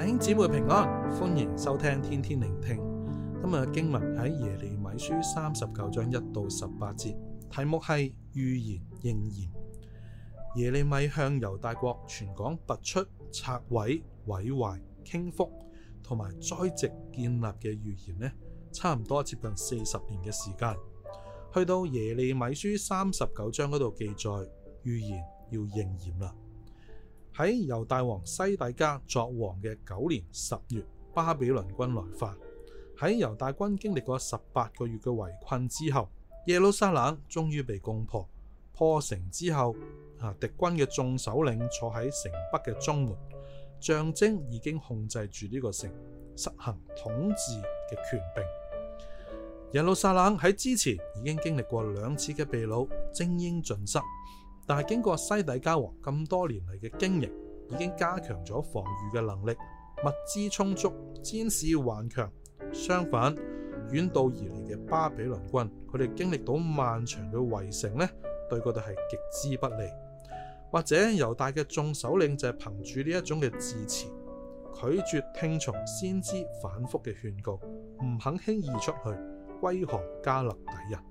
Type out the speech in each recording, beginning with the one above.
弟兄姊妹平安，歡迎收聽天天聆聽。今日經文喺耶利米書三十九章一到十八節，題目係預言應驗。耶利米向猶大國傳講拔出拆毀、毀壞、傾覆同埋栽植建立嘅預言呢，差唔多接近四十年嘅時間。去到耶利米書三十九章嗰度記載，預言要應驗啦。喺猶大王西底家作王嘅九年十月，巴比倫軍來犯。喺猶大軍經歷過十八個月嘅圍困之後，耶路撒冷終於被攻破。破城之後，啊敵軍嘅眾首領坐喺城北嘅中門，象徵已經控制住呢個城，實行統治嘅權柄。耶路撒冷喺之前已經經歷過兩次嘅被擄，精英盡失。但係經過西底家王咁多年嚟嘅經營，已經加強咗防禦嘅能力，物資充足，戰士頑強。相反，遠道而嚟嘅巴比倫軍，佢哋經歷到漫長嘅圍城呢，對佢哋係極之不利。或者猶大嘅眾首領就係憑住呢一種嘅自持，拒絕聽從先知反複嘅勸告，唔肯輕易出去歸降迦勒底人。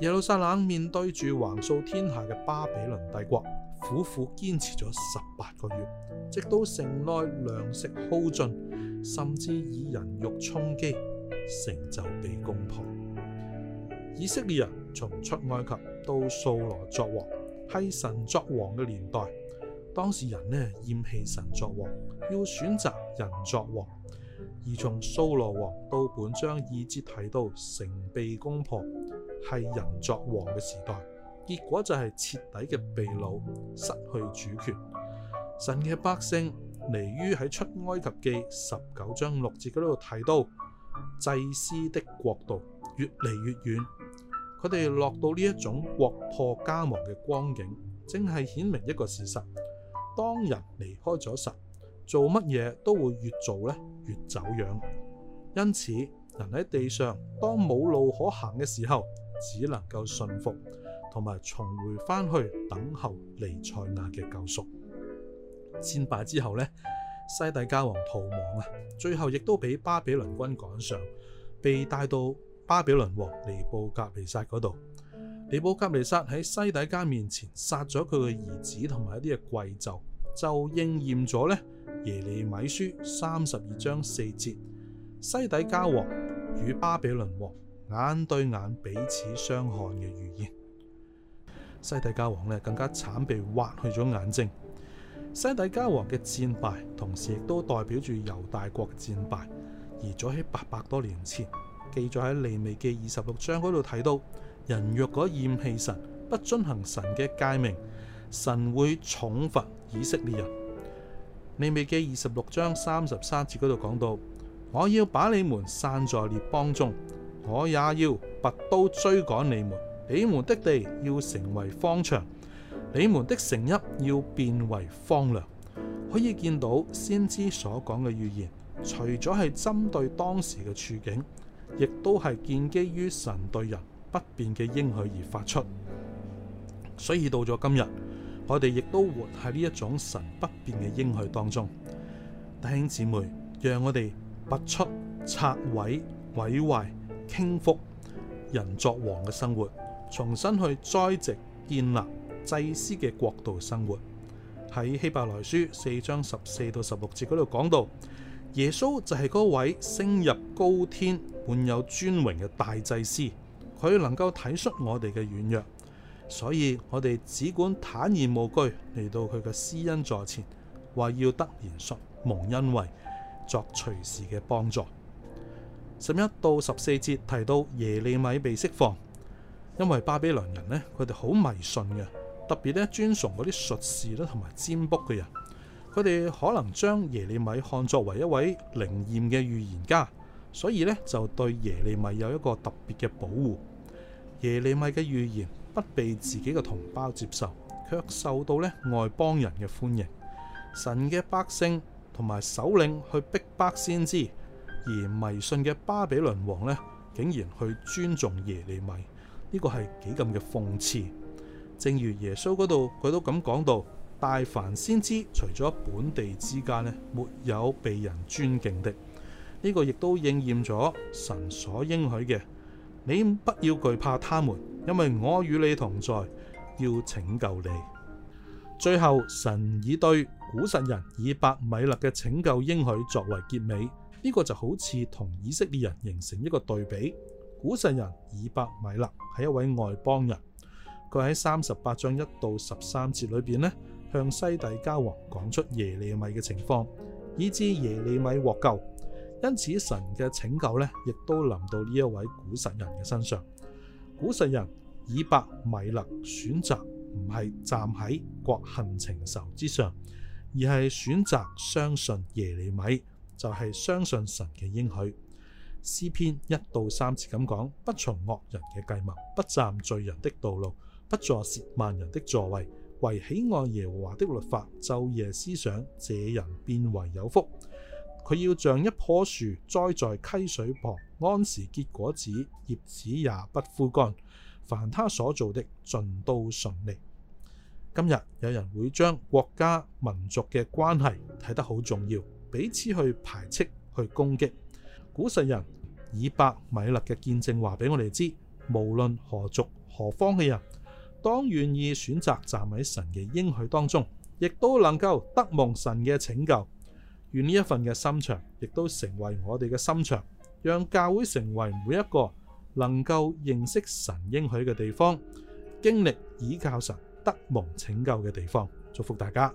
耶路撒冷面對住橫掃天下嘅巴比倫帝國，苦苦堅持咗十八個月，直到城內糧食耗盡，甚至以人肉充飢，城就被攻破。以色列人從出埃及到掃羅作王，係神作王嘅年代，當時人呢厭棄神作王，要選擇人作王。而從掃羅王到本章二節提到城被攻破，係人作王嘅時代，結果就係徹底嘅被擄，失去主權。神嘅百姓離於喺出埃及記十九章六節嗰度提到，祭司的國度越嚟越遠，佢哋落到呢一種國破家亡嘅光景，正係顯明一個事實：當人離開咗神。做乜嘢都會越做咧越走樣，因此人喺地上當冇路可行嘅時候，只能夠信服同埋重回翻去等候彌賽亞嘅救贖。戰敗之後呢，西底家王逃亡啊，最後亦都俾巴比倫軍趕上，被帶到巴比倫王尼布甲尼撒嗰度。尼布甲尼撒喺西底家面前殺咗佢嘅兒子同埋一啲嘅貴胄。就應驗咗咧耶利米書三十二章四節，西底家王與巴比倫王眼對眼彼此相看嘅預言。西底家王咧更加慘被挖去咗眼睛。西底家王嘅戰敗，同時亦都代表住猶大國嘅戰敗。而早喺八百多年前記載，記載喺利未記二十六章嗰度睇到，人若果厭棄神，不遵行神嘅誡命，神會重罰以色列人。利未記二十六章三十三節嗰度講到，我要把你們散在列邦中，我也要拔刀追趕你們，你們的地要成為荒場，你們的城邑要變為荒涼。可以見到先知所講嘅預言，除咗係針對當時嘅處境，亦都係建基於神對人不變嘅應許而發出。所以到咗今日。我哋亦都活喺呢一種神不變嘅應許當中，弟兄姊妹，讓我哋拔出、拆毀、毀壞、傾覆人作王嘅生活，重新去栽植、建立祭司嘅國度生活。喺希伯來書四章十四到十六節嗰度講到，耶穌就係嗰位升入高天、滿有尊榮嘅大祭司，佢能夠體恤我哋嘅軟弱。所以我哋只管坦然無懼嚟到佢嘅施恩座前，為要得憐恤蒙恩惠作隨時嘅幫助。十一到十四節提到耶利米被釋放，因為巴比倫人呢，佢哋好迷信嘅，特別咧尊崇嗰啲術士啦同埋占卜嘅人，佢哋可能將耶利米看作為一位靈驗嘅預言家，所以咧就對耶利米有一個特別嘅保護。耶利米嘅預言。不被自己嘅同胞接受，卻受到咧外邦人嘅歡迎。神嘅百姓同埋首領去逼迫先知，而迷信嘅巴比倫王咧，竟然去尊重耶利米，呢個係幾咁嘅諷刺。正如耶穌嗰度，佢都咁講到，大凡先知除咗本地之間咧，沒有被人尊敬的。呢個亦都應驗咗神所應許嘅。你不要懼怕他們。因為我與你同在，要拯救你。最後，神以對古實人以伯米勒嘅拯救應許作為結尾，呢、這個就好似同以色列人形成一個對比。古實人以伯米勒係一位外邦人，佢喺三十八章一到十三節裏邊呢，向西底家王講出耶利米嘅情況，以致耶利米獲救。因此，神嘅拯救呢，亦都臨到呢一位古實人嘅身上。古實人以伯米勒選擇唔係站喺國恨情仇之上，而係選擇相信耶利米，就係、是、相信神嘅應許。詩篇一到三次咁講：不從惡人嘅計謀，不站罪人的道路，不坐褻慢人的座位，為喜愛耶和華的律法晝夜思想，這人便為有福。佢要像一棵樹栽在溪水旁，按時結果子，葉子也不枯乾。凡他所做的，盡都順利。今日有人會將國家民族嘅關係睇得好重要，彼此去排斥、去攻擊。古實人以伯米勒嘅見證話俾我哋知，無論何族何方嘅人，當願意選擇站喺神嘅應許當中，亦都能夠得望神嘅拯救。願呢一份嘅心腸，亦都成為我哋嘅心腸，讓教會成為每一個能夠認識神應許嘅地方，經歷倚靠神得蒙拯救嘅地方。祝福大家。